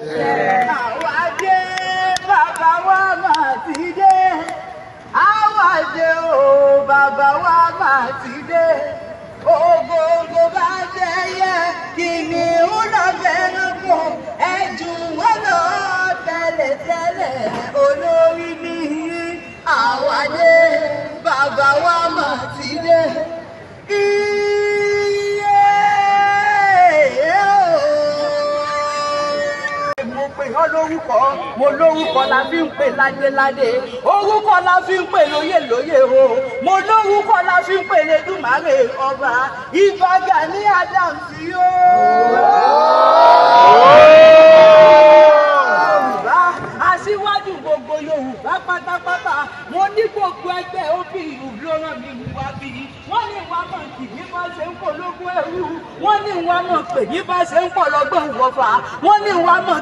àwa dé bàbá wa máa ti dé àwa dé o bàbá wa máa ti dé ògògò bá dẹyẹ kìnìún lọ fẹnu kùn ẹjù wọn lọ tẹ́lẹ̀ tẹ́lẹ̀. pè yán lórúkọ mo lórúkọ la fi ń pè ládéládé orúkọ la fi ń pè lóyè lóyè o mo lórúkọ la fi ń pè lẹ́dùnmáre ọba Ìbà Gani Adams yóò aṣíwájú gbogbo yorùbá pátápátá mo ní gbogbo ẹgbẹ́ òbí ìlú ló mi wá bí wọ́n ní wá mọ̀ kì ní bá ṣe ń polówó ẹrú wọ́n ní wá mọ̀ pè ní bá ṣe ń polówó wọ́fà wọ́n ní wá mọ̀.